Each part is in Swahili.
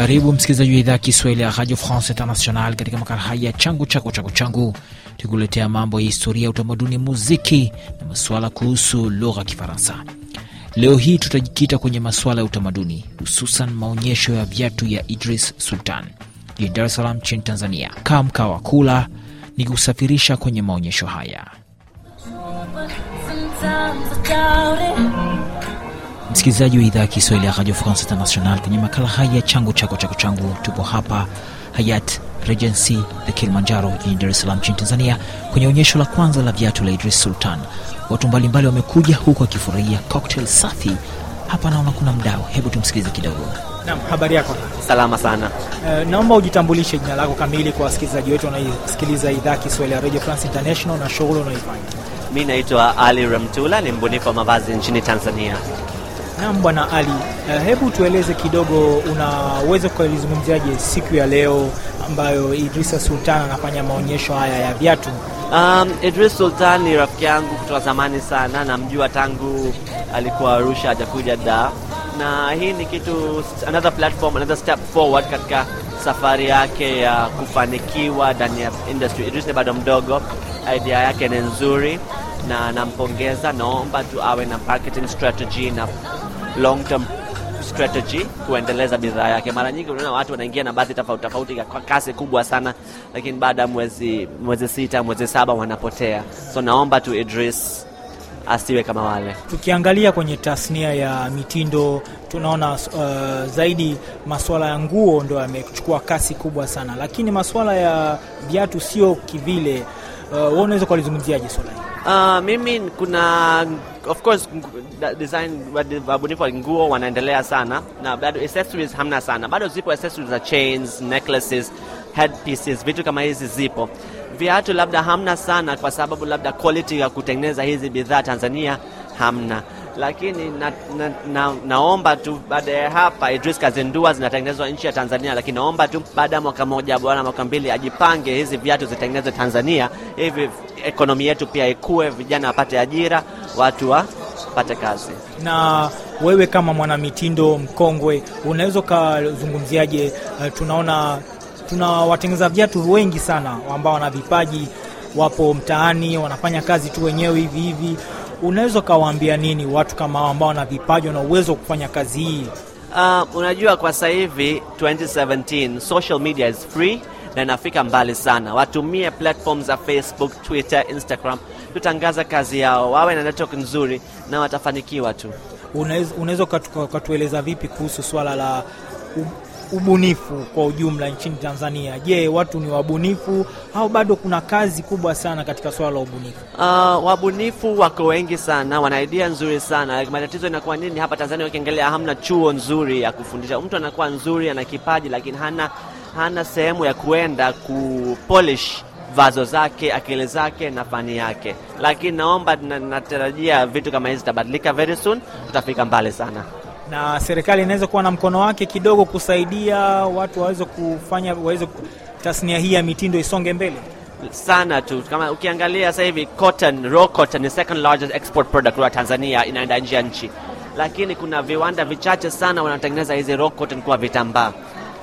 Karibu msikilizaji wa idhaa ya Kiswahili ya Radio France International katika makala haya changu chako chako changu, tukikuletea mambo ya historia, utamaduni, muziki na masuala kuhusu lugha ya Kifaransa. Leo hii tutajikita kwenye masuala ya utamaduni, hususan maonyesho ya viatu ya Idris Sultan jijini Dar es Salaam nchini Tanzania. Kaa mkaa wa kula ni kusafirisha kwenye maonyesho haya msikilizaji wa idhaa ya Kiswahili ya Radio France International. Kwenye makala haya ya changu chako chako changu, tupo hapa Hayat Regency the Kilimanjaro jijini dares salam Salaam nchini Tanzania, kwenye onyesho la kwanza la viatu la Idris Sultan. Watu mbalimbali wamekuja huku wakifurahia cocktail safi. Hapa naona kuna mdao hebu tumsikilize kidogo. Naam, habari yako? Salama sana. Uh, naomba ujitambulishe jina lako kamili kwa wasikilizaji wetu wanaosikiliza idhaa Kiswahili ya Radio France International na shughuli unaoifanya. mi naitwa Ali Ramtula, ni mbunifu wa mavazi nchini Tanzania. Naam, Bwana Ali, eh, hebu tueleze kidogo, unaweza kuelezumumziaje siku ya leo ambayo Idrisa Sultan anafanya maonyesho haya ya viatu? Um, Idris Sultan ni rafiki yangu kutoka zamani sana, namjua tangu alikuwa Arusha hajakuja da na hii ni kitu another platform, another step forward katika safari yake ya uh, kufanikiwa ndani ya industry. Idris ni bado mdogo, idea yake ni nzuri na nampongeza. Naomba tu awe na marketing strategy na long term strategy kuendeleza bidhaa yake. Mara nyingi unaona watu wanaingia na baadhi tofauti tofauti kwa kasi kubwa sana, lakini baada ya mwezi, mwezi sita mwezi saba wanapotea. So naomba tu Idris asiwe kama wale. Tukiangalia kwenye tasnia ya mitindo tunaona uh, zaidi masuala ya nguo ndo yamechukua kasi kubwa sana, lakini masuala ya viatu sio kivile. Uh, wewe unaweza kulizungumziaje swala hili? Uh, mimi kuna of course design wabunifu wa nguo wanaendelea sana na bado accessories hamna sana bado, zipo accessories za chains, necklaces, headpieces, vitu kama hizi zipo. Viatu labda hamna sana, kwa sababu labda quality ya kutengeneza hizi bidhaa Tanzania hamna lakini na, na, na, naomba tu baada ya hapa Idris kazindua zinatengenezwa nchi ya Tanzania, lakini naomba tu baada ya mwaka mmoja bwana, mwaka mbili ajipange, hizi viatu zitengenezwe Tanzania hivi ekonomi yetu pia ikue, vijana wapate ajira, watu wapate kazi. Na wewe kama mwanamitindo mkongwe unaweza ukazungumziaje? Uh, tunaona tuna watengeneza viatu wengi sana ambao wana vipaji, wapo mtaani wanafanya kazi tu wenyewe hivi hivi unaweza ukawaambia nini watu kama hao ambao wana vipaji na uwezo wa kufanya kazi hii? Uh, unajua kwa sasa hivi 2017 social media is free na inafika mbali sana. Watumie platform za Facebook, Twitter, Instagram tutangaza kazi yao, wawe na network nzuri na watafanikiwa tu. Unaweza ukatueleza vipi kuhusu swala la ubunifu kwa ujumla nchini Tanzania. Je, watu ni wabunifu au bado kuna kazi kubwa sana katika swala la ubunifu? Uh, wabunifu wako wengi sana, wana idea nzuri sana. Matatizo inakuwa nini hapa Tanzania? Ukiangalia hamna chuo nzuri ya kufundisha. Mtu anakuwa nzuri, ana kipaji, lakini hana, hana sehemu ya kuenda kupolish vazo zake, akili zake na fani yake. Lakini naomba natarajia vitu kama hizi zitabadilika very soon, tutafika mbali sana na serikali inaweza kuwa na mkono wake kidogo kusaidia watu waweze kufanya waweze tasnia hii ya mitindo isonge mbele sana tu. Kama ukiangalia sasa hivi cotton, raw cotton ni second largest export product wa Tanzania, inaenda nje ya nchi, lakini kuna viwanda vichache sana wanatengeneza hizi raw cotton kuwa vitambaa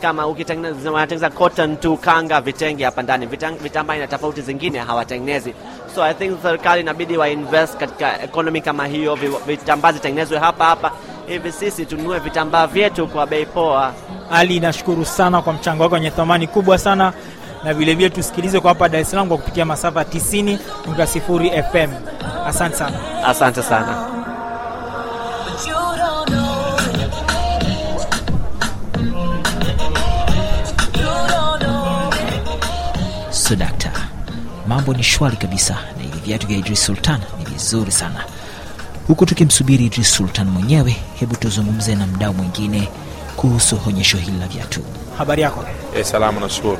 kama ukitengeneza wanatengeneza cotton tu, kanga, vitenge hapa ndani, vitambaa ina tofauti zingine hawatengenezi. So I think serikali inabidi wa invest katika economy kama hiyo, vitambaa zitengenezwe hapa hapa hivi sisi tununue vitambaa vyetu kwa bei poa. Ali, nashukuru sana kwa mchango wako wenye thamani kubwa sana, na vilevile tusikilize kwa hapa Dar es Salaam kwa kupitia masafa 90.0 FM. Asante sana, asante sana. Sudakta, mambo ni shwari kabisa, na hivi viatu vya Idris Sultan ni vizuri sana. Huku tukimsubiri Idris Sultan mwenyewe, hebu tuzungumze na mdau mwingine kuhusu onyesho hili la viatu. Habari yako? E, eh, salama, nashukuru.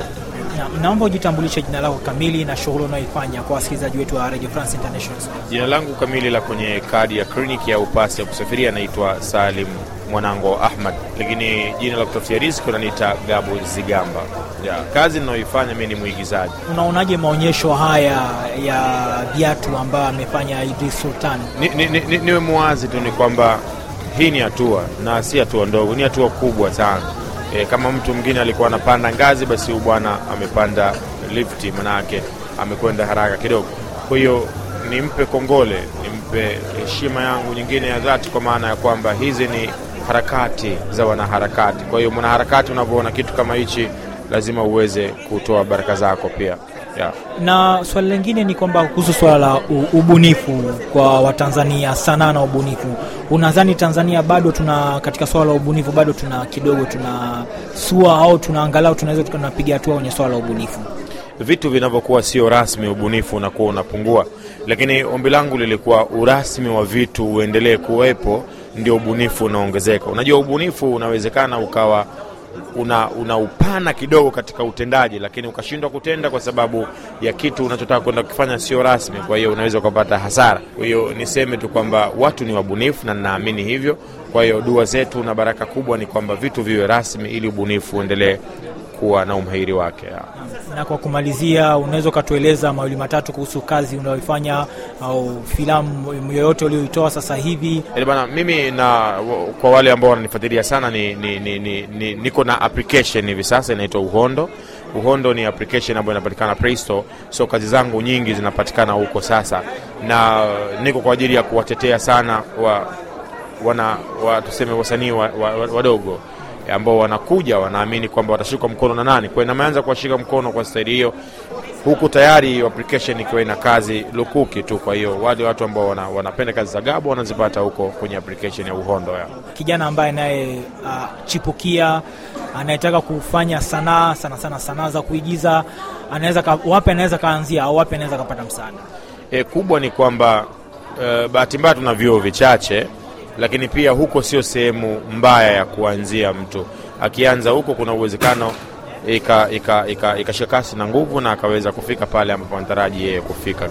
Na, naomba ujitambulishe jina lako kamili na shughuli unaoifanya kwa wasikilizaji wetu wa Radio France International. Jina langu kamili la kwenye kadi ya kliniki au pasi ya kusafiria naitwa Salim Mwanango Ahmad, lakini jina la kutafutia riziki unaniita Gabo Zigamba. Ya, kazi ninayoifanya mimi ni mwigizaji. Unaonaje maonyesho haya ya viatu ambayo amefanya Idris Sultan? Niwe ni, ni, ni, ni mwazi tu ni kwamba hii ni hatua na si hatua ndogo, ni hatua kubwa sana E, kama mtu mwingine alikuwa anapanda ngazi, basi huyu bwana amepanda lifti, manake amekwenda haraka kidogo. Kwa hiyo nimpe kongole, nimpe heshima yangu nyingine ya dhati, kwa maana ya kwamba hizi ni harakati za wanaharakati. Kwa hiyo mwanaharakati, unavyoona kitu kama hichi, lazima uweze kutoa baraka zako pia yeah. Na swali lingine ni kwamba kuhusu swala la ubunifu kwa Watanzania, sanaa na ubunifu, unadhani Tanzania bado tuna katika swala la ubunifu bado tuna kidogo tuna sua au tuna angalau tunaweza tunapiga hatua kwenye swala la ubunifu? Vitu vinavyokuwa sio rasmi, ubunifu unakuwa unapungua, lakini ombi langu lilikuwa urasmi wa vitu uendelee kuwepo, ndio ubunifu unaongezeka. Unajua, ubunifu unawezekana ukawa una, una upana kidogo katika utendaji, lakini ukashindwa kutenda kwa sababu ya kitu unachotaka kwenda kukifanya sio rasmi, kwa hiyo unaweza ukapata hasara. Kwa hiyo niseme tu kwamba watu ni wabunifu na ninaamini hivyo. Kwa hiyo dua zetu na baraka kubwa ni kwamba vitu viwe rasmi ili ubunifu uendelee kuwa na umahiri wake. Na kwa kumalizia, unaweza ukatueleza mawili matatu kuhusu kazi unayoifanya au filamu yoyote uliyoitoa sasa hivi? Eh, bana, mimi na kwa wale ambao wananifuatilia sana ni, ni, ni, ni, ni, niko na application hivi sasa inaitwa Uhondo. Uhondo ni application ambayo inapatikana Play Store, so kazi zangu nyingi zinapatikana huko sasa, na niko kwa ajili ya kuwatetea sana wa, wana, wa, tuseme wasanii wadogo wa, wa, wa ambao wanakuja wanaamini kwamba watashikwa mkono na nani, kwa inameanza kuwashika mkono kwa staili hiyo, huku tayari hiyo application ikiwa ina kazi lukuki tu. Kwa hiyo wale watu ambao wana, wanapenda kazi za gabo wanazipata huko kwenye application ya Uhondo ya. Kijana ambaye anayechipukia anayetaka kufanya sanaa sana sana sanaa za kuigiza anaweza wapi, anaweza kaanzia au wapi anaweza kapata msaada? E, kubwa ni kwamba uh, bahati mbaya tuna vyuo vichache lakini pia huko sio sehemu mbaya ya kuanzia mtu. Akianza huko, kuna uwezekano ikashika ika, ika, kasi na nguvu na akaweza kufika pale ambapo anataraji yeye kufika.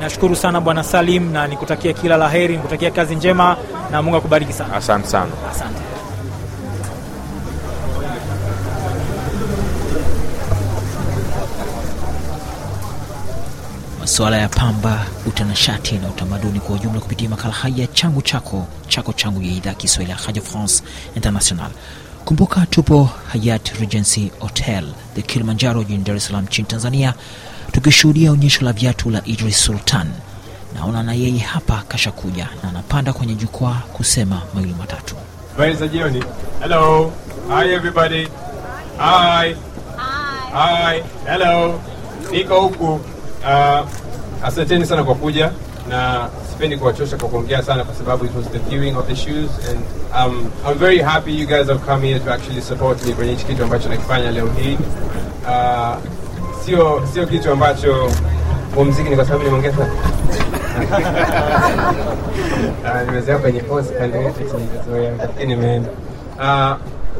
Nashukuru sana Bwana Salim, na nikutakia kila la heri, nikutakia kazi njema na Mungu akubariki sana. Asante sana, asante. masuala ya pamba, utanashati na utamaduni kwa ujumla, kupitia makala haya changu chako chako changu ya idhaa Kiswahili ya Radio France International. Kumbuka tupo Hayat Regency Hotel the Kilimanjaro, jijini dares salam nchini Tanzania, tukishuhudia onyesho la viatu la Idris Sultan. Naona na yeye hapa kasha kuja na anapanda kwenye jukwaa kusema mawili matatu. Habari za jioni. Hello. Hi everybody. Hi. Hi. Hello. Niko huku Uh, asanteni sana kwa kuja na sipendi kuwachosha kwa kuongea sana kwa sababu it was the viewing of the shoes and um, I'm very happy you guys have come here to actually support me kwenye hichi kitu ambacho nakifanya leo hii. Uh, sio sio kitu ambacho muziki ni kwa sababu nimeongeza sana. Uh, kwenye post kanizoea lakini nimeenda. Uh,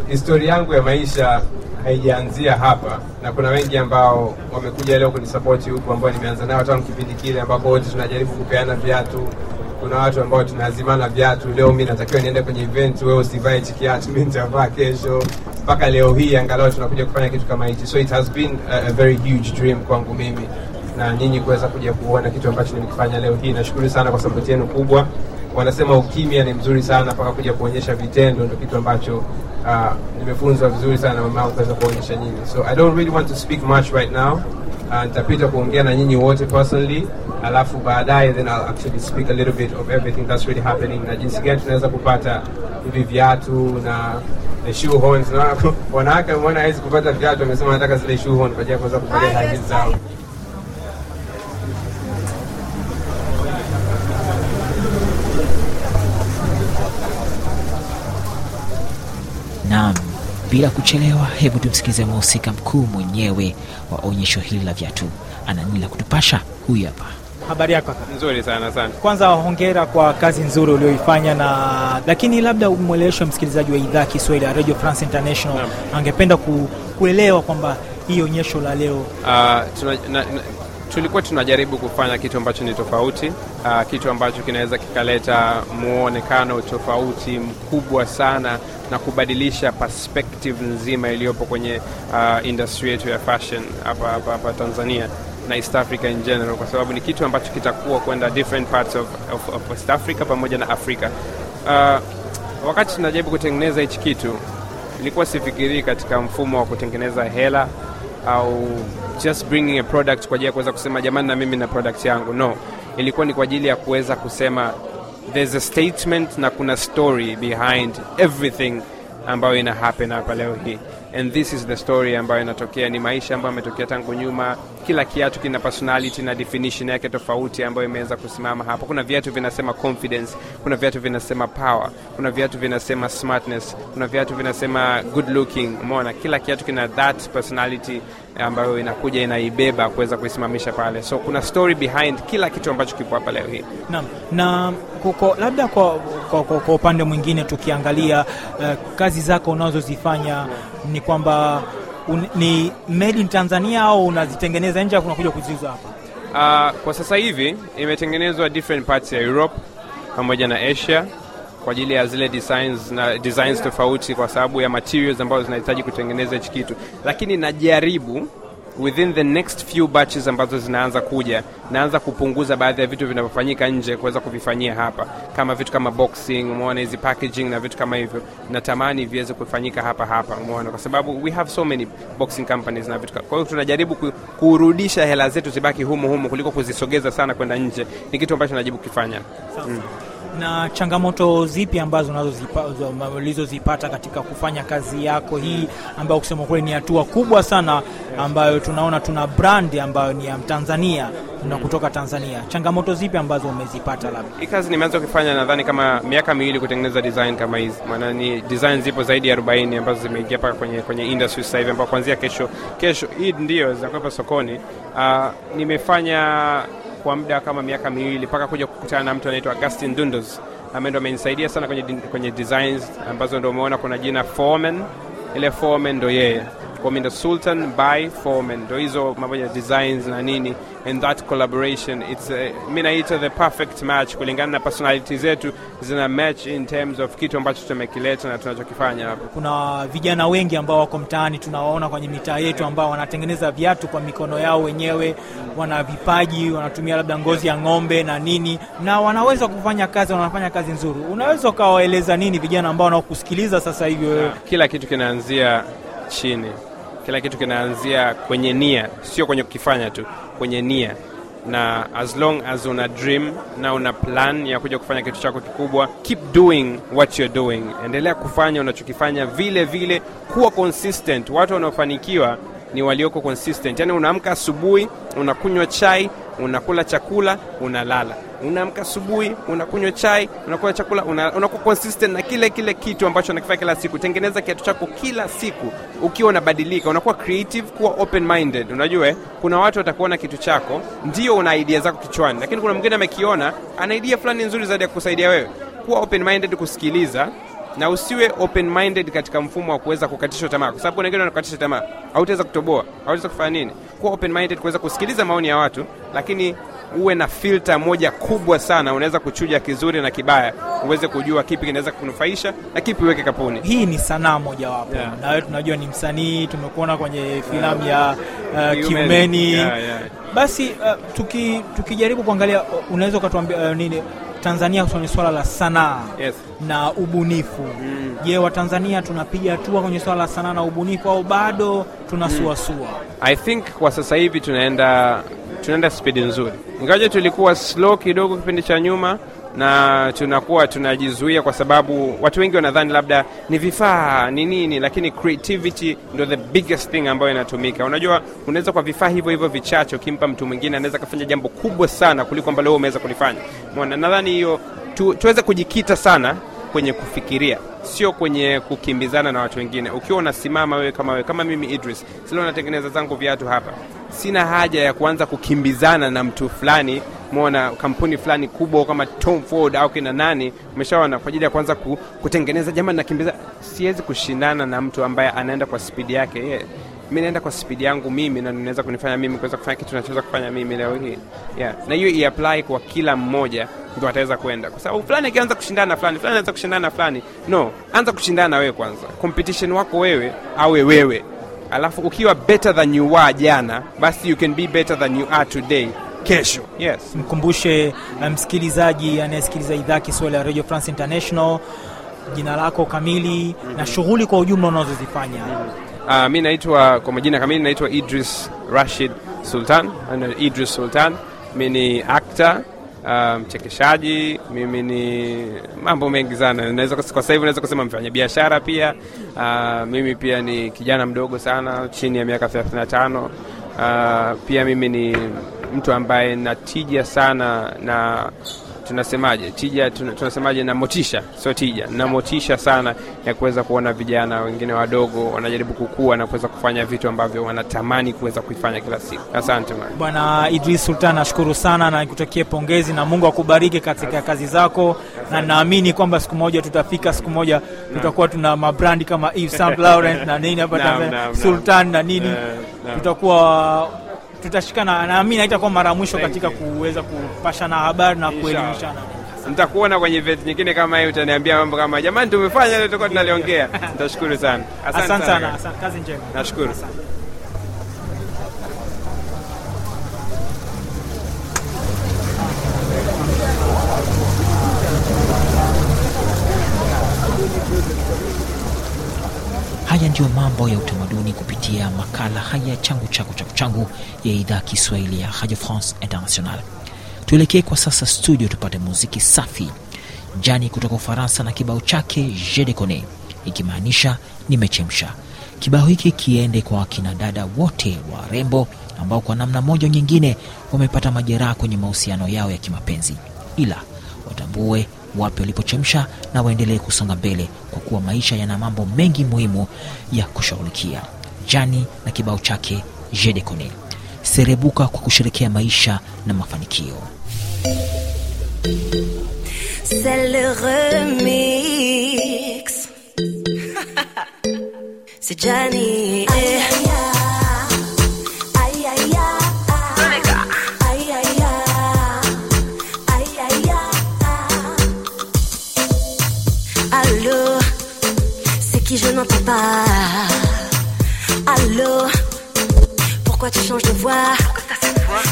historia yangu ya maisha haijaanzia hapa, na kuna wengi ambao wamekuja leo kunisapoti huku ambao nimeanza nao tangu kipindi kile ambako wote tunajaribu kupeana viatu. Kuna watu ambao tunazimana viatu, leo mi natakiwa niende kwenye event, wewe usivae hichi kiatu, mi nitavaa kesho. Mpaka leo hii angalau tunakuja kufanya kitu kama hichi, so it has been a, a very huge dream kwangu mimi na nyinyi kuweza kuja kuona kitu ambacho nimekifanya leo hii. Nashukuru sana kwa sapoti yenu kubwa. Wanasema ukimya ni mzuri sana mpaka kuja kuonyesha vitendo, ndio kitu ambacho Ah, nimefunzwa vizuri sana mama yangu kuweza kuonyesha nyinyi, so I don't really want to speak much right now. Ah, nitapita kuongea na nyinyi wote personally, alafu baadaye then I'll actually speak a little bit of everything that's really happening na jinsi gani tunaweza kupata hivi viatu na the wanawake, umeona hawezi kupata viatu, amesema anataka zile shoehorn kwa ajili ya kuweza kuvalia hizi zao. Bila kuchelewa, hebu tumsikilize mhusika mkuu mwenyewe wa onyesho hili la viatu. Ana la kutupasha? Huyu hapa. Habari yako? Nzuri sana sana. Kwanza hongera kwa kazi nzuri ulioifanya, na lakini labda umweleweshe msikilizaji wa idhaa Kiswahili ya Radio France International, angependa ku, kuelewa kwamba hii onyesho la leo uh, tuna, na, na, tulikuwa tunajaribu kufanya kitu ambacho ni tofauti, uh, kitu ambacho kinaweza kikaleta mwonekano tofauti mkubwa sana na kubadilisha perspective nzima iliyopo kwenye uh, industry yetu ya fashion hapa hapa hapa Tanzania na East Africa in general, kwa sababu ni kitu ambacho kitakuwa kwenda different parts of, of, of West Africa pamoja na africa Uh, wakati tunajaribu kutengeneza hichi kitu, ilikuwa sifikirii katika mfumo wa kutengeneza hela au just bringing a product kwa ajili ya kuweza kusema jamani, na mimi na product yangu. No, ilikuwa ni kwa ajili ya kuweza kusema there's a statement na kuna story behind everything ambayo ina happen hapa leo hii, and this is the story ambayo inatokea, ni maisha ambayo ametokea tangu nyuma kila kiatu kina personality na definition yake tofauti ambayo imeweza kusimama hapo. Kuna viatu vinasema confidence, kuna viatu vinasema power, kuna viatu vinasema smartness, kuna viatu vinasema good looking. Umeona, kila kiatu kina that personality ambayo inakuja inaibeba kuweza kuisimamisha pale. So kuna story behind kila kitu ambacho kipo hapa leo hii. Naam, na kuko, labda kwa, kwa, kwa, kwa upande mwingine tukiangalia uh, kazi zako unazozifanya ni kwamba un, ni made in Tanzania au unazitengeneza nje unakuja kuziuza hapa? Uh, kwa sasa hivi imetengenezwa different parts ya Europe pamoja na Asia kwa ajili ya zile designs na designs tofauti, kwa sababu ya materials ambazo zinahitaji kutengeneza hichi kitu, lakini najaribu within the next few batches ambazo zinaanza kuja, naanza kupunguza baadhi ya vitu vinavyofanyika nje kuweza kuvifanyia hapa, kama vitu kama boxing, umeona hizi packaging na vitu kama hivyo, natamani viweze kufanyika hapa hapa, umeona, kwa sababu we have so many boxing companies na vitu. Kwa hiyo tunajaribu kurudisha hela zetu zibaki humo humo kuliko kuzisogeza sana kwenda nje, ni kitu ambacho najaribu kukifanya mm. Na changamoto zipi ambazo ulizozipata katika kufanya kazi yako hii ambayo kusema kweli ni hatua kubwa sana, ambayo tunaona tuna brand ambayo ni ya Tanzania na mm. kutoka Tanzania, changamoto zipi ambazo umezipata? Labda hii kazi nimeanza kufanya nadhani kama miaka miwili kutengeneza design kama hizi, maana ni design zipo zaidi ya 40 ambazo zimeingia mpaka kwenye, kwenye industry sasa hivi, ambao kuanzia kesho kesho hii ndio zinakuwepo sokoni. Uh, nimefanya kwa muda kama miaka miwili mpaka kuja kukutana na mtu anaitwa augustin Dundos ambaye ndo amenisaidia sana kwenye, kwenye designs ambazo ndo umeona kuna jina Foreman. Ile Foreman ndo yeye Komindo Sultan by form ndo hizo pamoja na designs na nini and that collaboration it's eh, mi naita the perfect match kulingana na personality zetu zina match in terms of kitu ambacho tumekileta na tunachokifanya hapa. Kuna vijana wengi ambao wako mtaani tunawaona kwenye mitaa yetu ambao wanatengeneza viatu kwa mikono yao wenyewe, wana vipaji, wanatumia labda ngozi ya ng'ombe na nini, na wanaweza kufanya kazi, wanafanya kazi nzuri. Unaweza ukawaeleza nini vijana ambao wanaokusikiliza sasa hivi wewe? Kila kitu kinaanzia chini. Kila kitu kinaanzia kwenye nia, sio kwenye kukifanya tu, kwenye nia. Na as long as una dream na una plan ya kuja kufanya kitu chako kikubwa, keep doing what you're doing, endelea kufanya unachokifanya vile vile, kuwa consistent. Watu wanaofanikiwa ni walioko consistent, yani unaamka asubuhi unakunywa chai unakula chakula, unalala, unaamka asubuhi, unakunywa chai, unakula chakula, unakuwa consistent na kile kile kitu ambacho unakifanya kila siku. Tengeneza kiatu chako kila siku ukiwa unabadilika, unakuwa creative, kuwa open minded. Unajua kuna watu watakuona kitu chako, ndio una idea zako kichwani, lakini kuna mwingine amekiona ana idea fulani nzuri zaidi ya kukusaidia wewe. Kuwa open minded kusikiliza na usiwe open minded katika mfumo wa kuweza kukatishwa tamaa, kwa sababu kuna wengine wanakatisha tamaa, hautaweza kutoboa, hautaweza kufanya nini. Kuwa open minded, kuweza kusikiliza maoni ya watu, lakini uwe na filter moja kubwa sana, unaweza kuchuja kizuri na kibaya, uweze kujua kipi kinaweza kunufaisha na kipi uweke kapuni. Hii ni sanaa mojawapo, yeah. na wewe tunajua ni msanii, tumekuona kwenye filamu ya uh, Kiumeni yeah, yeah. Basi uh, tuki, tukijaribu kuangalia, uh, unaweza ukatuambia uh, nini Tanzania kwenye swala la sanaa yes, na ubunifu mm. Je, Watanzania tunapiga hatua kwenye swala la sanaa na ubunifu au bado tunasuasua? Mm. I think kwa sasa hivi tunaenda tunaenda spidi nzuri, ingawaje tulikuwa slow kidogo kipindi cha nyuma na tunakuwa tunajizuia kwa sababu watu wengi wanadhani labda ni vifaa ni nini, lakini creativity ndo the biggest thing ambayo inatumika. Unajua, unaweza kwa vifaa hivyo hivyo vichache, ukimpa mtu mwingine anaweza kafanya jambo kubwa sana kuliko ambalo wewe umeweza kulifanya. Mwana nadhani hiyo tu, tuweze kujikita sana kwenye kufikiria, sio kwenye kukimbizana na watu wengine. Ukiwa unasimama wewe kama wewe kama mimi Idris, silo natengeneza zangu viatu hapa, sina haja ya kuanza kukimbizana na mtu fulani mona kampuni fulani kubwa kama Tom Ford au kina nani, umeshaona, kwa ajili ya kuanza kutengeneza. Jamani, nakimbiza, siwezi kushindana na mtu ambaye anaenda kwa spidi yake mi naenda kwa spidi yangu mimi na naweza kunifanya mimi kuweza kufanya kitu nachoweza kufanya mimi leo hii yeah. na hiyo iapply kwa kila mmoja ndo ataweza kwenda kwa sababu fulani akianza kushindana na fulani fulani anaweza kushindana na fulani no anza kushindana na wewe kwanza competition wako wewe awe wewe alafu ukiwa better than you are jana basi you can be better than you are today kesho yes mkumbushe eh, msikilizaji um, anayesikiliza idhaa kiswahili ya radio france international jina lako kamili mm-hmm. na shughuli kwa ujumla unazozifanya mm-hmm Uh, ah, mi naitwa kwa majina kamili naitwa Idris Rashid Sultan, Idris Sultan. Mi ni actor ah, mchekeshaji, um, mimi ni mambo mengi sana. Naweza kwa sasa hivi naweza kusema mfanya biashara pia. Uh, mimi pia ni kijana mdogo sana chini ya miaka 35. Uh, pia mimi ni mtu ambaye natija sana na tunasemaje tija tunasemaje na motisha, sio tija, na motisha sana ya kuweza kuona vijana wengine wadogo wanajaribu kukua na kuweza kufanya vitu ambavyo wanatamani kuweza kuifanya kila siku. Asante Bwana Idris Sultan, nashukuru sana na nikutakie pongezi na Mungu akubariki katika kazi zako, na naamini kwamba siku moja tutafika, siku moja tutakuwa tuna mabrandi kama Yves Saint Laurent na nini hapa Sultan na nini, eh, tutakuwa na naamini kwa mara ya mwisho katika kuweza kupashana habari na kuelimishana. ntakuona kwenye veti nyingine kama hii, utaniambia mambo kama jamani, tumefanya leo, tunaliongea. ntashukuru sana, asante sana, kazi njema, nashukuru. ndio mambo ya utamaduni kupitia makala haya changu chako chako changu ya idhaa Kiswahili ya Radio France International. Tuelekee kwa sasa studio tupate muziki safi jani kutoka Ufaransa na kibao chake jedecone ikimaanisha nimechemsha. Kibao hiki kiende kwa wakinadada dada wote warembo ambao kwa namna moja nyingine wamepata majeraha kwenye mahusiano yao ya kimapenzi, ila watambue wape walipochemsha na waendelee kusonga mbele, kwa kuwa maisha yana mambo mengi muhimu ya kushughulikia. Jani na kibao chake Jedekone. Serebuka kwa kusherekea maisha na mafanikio.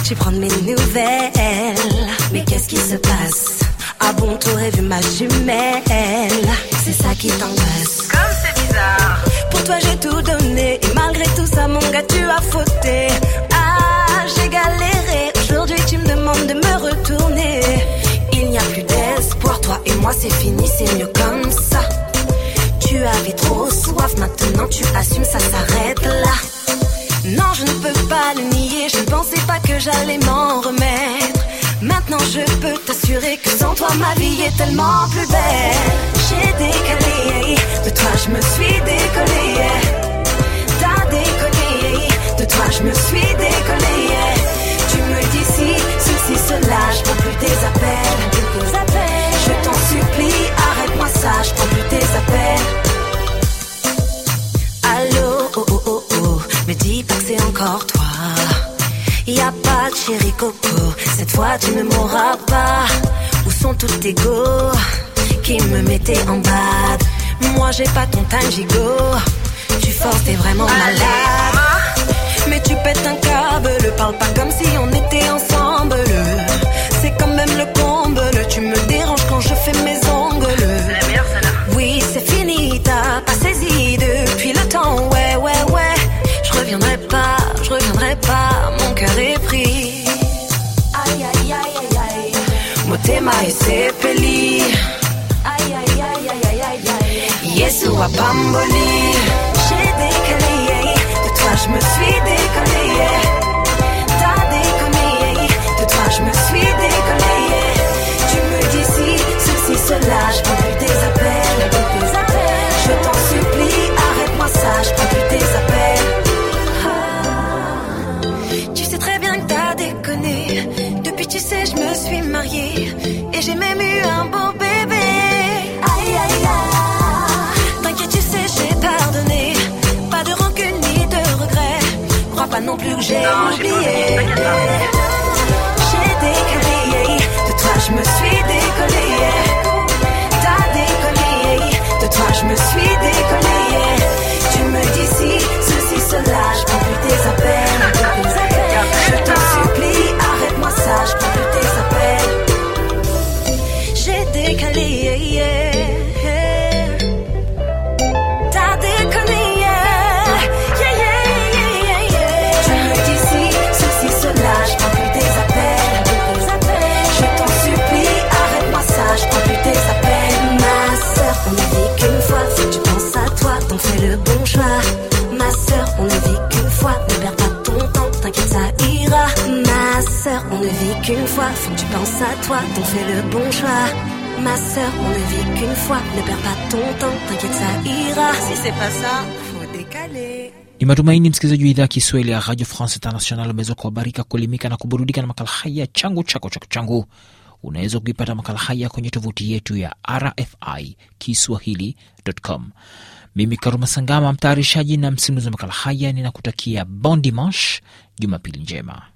tu prends mes nouvelles. Mais qu'est-ce qui se passe À ah bon, et vu ma jumelle. C'est ça qui t'angoisse. Comme c'est bizarre. Pour toi, j'ai tout donné. Et malgré tout ça, mon gars, tu as fauté. Ah, j'ai galéré. Aujourd'hui, tu me demandes de me retourner. Il n'y a plus d'espoir, toi et moi, c'est fini, c'est mieux comme ça. j'allais m'en remettre. Maintenant je peux t'assurer que sans toi ma vie est tellement plus belle. J'ai décollé, de toi je me suis décollé. T'as décollé, de toi je me suis décollé. Tu me dis si, ceci, cela, je prends plus tes appels. Je t'en supplie, arrête-moi ça, je prends plus tes appels. Allô, oh oh oh oh, mais dis pas que c'est encore toi. Y a pas de chéri coco, cette fois tu ne mourras pas. Où sont tous tes go qui me mettaient en bad Moi j'ai pas ton time gigot, tu forces t'es vraiment malade. Mais tu pètes un câble, parle pas comme si on était ensemble. C'est quand même le comble, tu me déranges quand je fais mes ongles. La oui, c'est fini, t'as pas saisi depuis le temps, ouais, ouais, ouais. Je reviendrai pas je reviendrai pas, mon cœur est pris. Aïe aïe aïe aïe aïe. Motema et Sepeli. Aïe aïe aïe aïe aïe aïe. Yesu Pamboli 谁不离？Ma sœur, on ne vit qu'une fois, faut que tu penses à toi, t'en fais le bon choix. Ma sœur, on ne vit qu'une fois, ne perds pas ton temps, t'inquiète ça ira. Si c'est pas ça, faut décaler. Ni matumaini msikilizaji wa idhaa Kiswahili ya Radio France International ameweza kuhabarika, kuelimika na kuburudika na makala haya changu chako chako changu. Unaweza kuipata makala haya kwenye tovuti yetu ya RFI Kiswahili.com. Mimi Karuma Sangama, mtayarishaji na msimulizi wa makala haya, ninakutakia bon dimanche, jumapili njema.